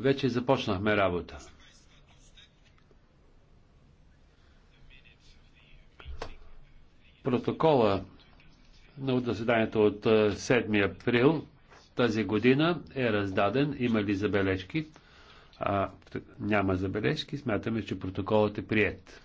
вече започнахме работа. Протокола на заседанието от 7 април тази година е раздаден. Има ли забележки? А, няма забележки. Смятаме, че протоколът е прият.